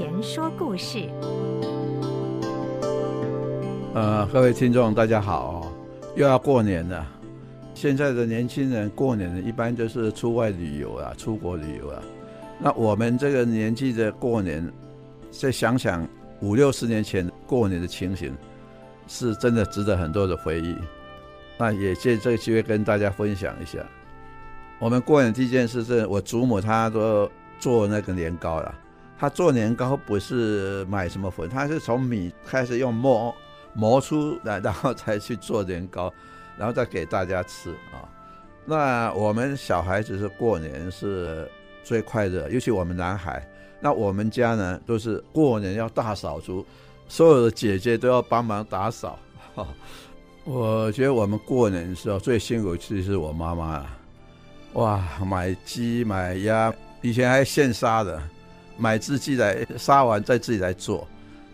言說故事。呃，各位聽眾，大家好，又要過年了。現在的年輕人過年呢，一般就是出外旅遊啊，出國旅遊啊。那我們這個年紀的過年，再想想五六十年前過年的情形，是真的值得很多的回憶。那也借這個機會跟大家分享一下，我們過年第一件事是，我祖母她都做那個年糕了。他做年糕不是買什麼粉，他是從米開始用磨磨出來，然後才去做年糕，然後再給大家吃啊、哦。那我們小孩子是過年是最快樂，尤其我們男孩。那我們家呢，都是過年要大掃除，所有的姐姐都要幫忙打掃。哦、我覺得我們過年的時候最辛苦，其實是我媽媽啊。哇，買雞買鴨，以前還現殺的。買自己來殺完再自己來做，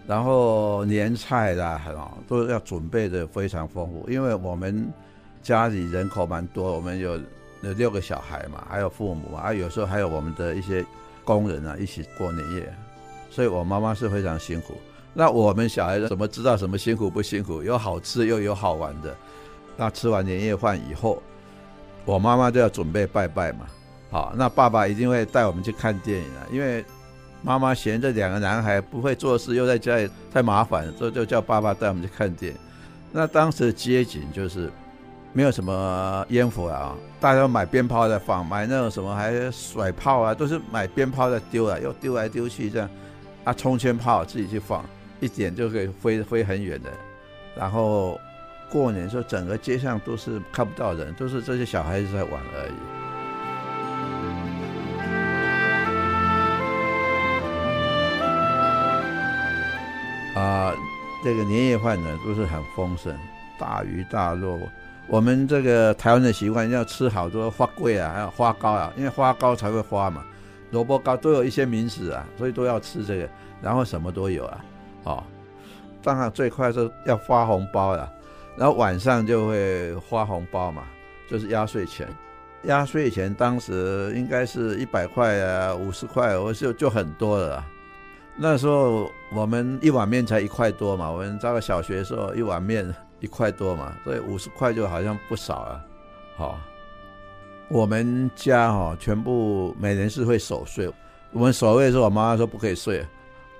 然後年菜啦，都要準備的非常豐富。因為我們家裡人口蠻多，我們有有六個小孩嘛，還有父母嘛啊，有時候還有我們的一些工人啊一起過年夜，所以我媽媽是非常辛苦。那我們小孩子怎麼知道什麼辛苦不辛苦？有好吃又有好玩的。那吃完年夜飯以後，我媽媽都要準備拜拜嘛，好，那爸爸一定會帶我們去看電影啊，因為。媽媽嫌這兩個男孩不會做事，又在家裡太麻煩了，就就叫爸爸帶我們去看店。那當時的街景就是沒有什麼煙火啊，大家都買鞭炮在放，買那種什麼還甩炮啊，都是買鞭炮在丟啊，又丟來丟去這樣。啊，沖天炮自己去放，一點就可以飛飛很遠的。然後過年時候，整個街上都是看不到人，都是這些小孩子在玩而已。這個年夜飯呢都、就是很豐盛，大魚大肉。我們這個台灣的習慣要吃好多花粿啊，還有花糕啊，因為花糕才會花嘛。蘿蔔糕都有一些名詞啊，所以都要吃這個。然後什麼都有啊，哦，當然最快的是要發紅包了、啊。然後晚上就會發紅包嘛，就是壓歲錢。壓歲錢當時應該是一百塊啊，五十塊，我就就很多了、啊。那時候。我們一碗麵才一塊多嘛，我們到了小學的時候，一碗麵一塊多嘛，所以五十塊就好像不少了，好、哦。我們家哈、哦、全部每人是會守歲，我們守歲的時候我媽媽說不可以睡，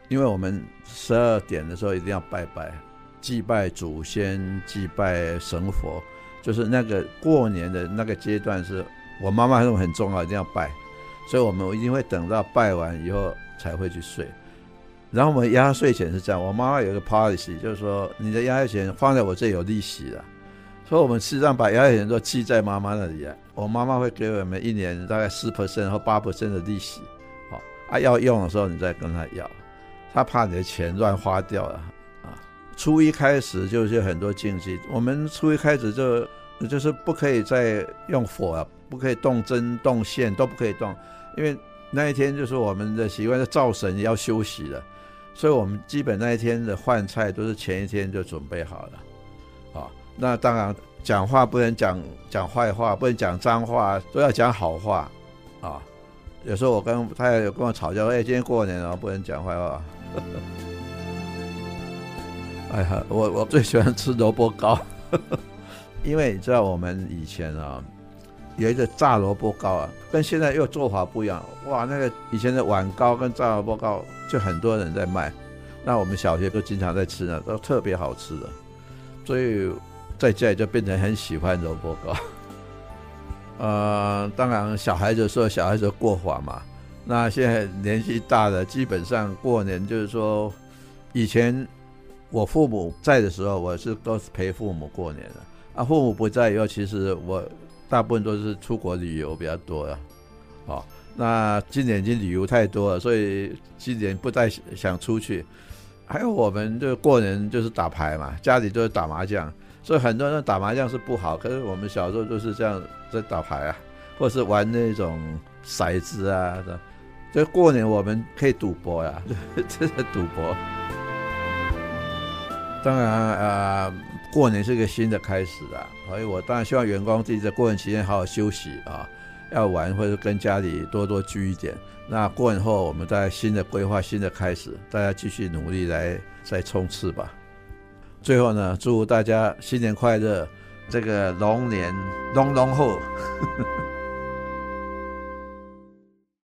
因為我們十二點的時候一定要拜拜，祭拜祖先，祭拜神佛，就是那個過年的那個階段是，我媽媽說很重要，一定要拜，所以我們一定會等到拜完以後才會去睡。然後我們壓歲錢是這樣，我媽媽有個 policy，就是說你的壓歲錢放在我這有利息的，所以我們實際上把壓歲錢都記在媽媽那裡，我媽媽會給我們一年大概四 percent 或八 percent 的利息。好、啊，啊要用的時候你再跟他要，他怕你的錢亂花掉了。啊，初一開始就是有很多禁忌，我們初一開始就就是不可以再用火、啊，不可以動針動線都不可以動，因為。那一天就是我們的習慣，是灶神要休息了，所以我們基本那一天的飯菜都是前一天就準備好了，啊、哦，那當然講話不能講講壞話，不能講髒話，都要講好話，啊、哦，有時候我跟他也有跟我吵架，哎、欸，今天過年了、哦，不能講壞話， 哎呀，我我最喜歡吃蘿蔔糕， 因為你知道我們以前啊、哦。有一個炸蘿蔔糕啊，跟現在又做法不一樣。哇，那個以前的碗糕跟炸蘿蔔糕就很多人在賣，那我們小學都經常在吃呢，都特別好吃的。所以在家裡就變成很喜歡蘿蔔糕。 呃，當然小孩子說小孩子過法嘛。那現在年紀大了，基本上過年就是說，以前我父母在的時候，我是都是陪父母過年的。啊，父母不在以後，其實我。大部分都是出國旅遊比較多啊，哦，那今年已經旅遊太多了，所以今年不太想出去。還有，我們就過年就是打牌嘛，家裡都是打麻將，所以很多人打麻將是不好。可是我們小時候就是這樣在打牌啊，或是玩那種骰子啊，所以過年我們可以賭博呀、啊，真的賭博。當然，啊、呃。過年是一個新的開始啊，所以我當然希望員工自己在過年期間好好休息啊，要玩或者跟家裡多多聚一點。那過年後我們再新的規劃、新的開始，大家繼續努力來再衝刺吧。最後呢，祝大家新年快樂，這個龍年龍龍虎。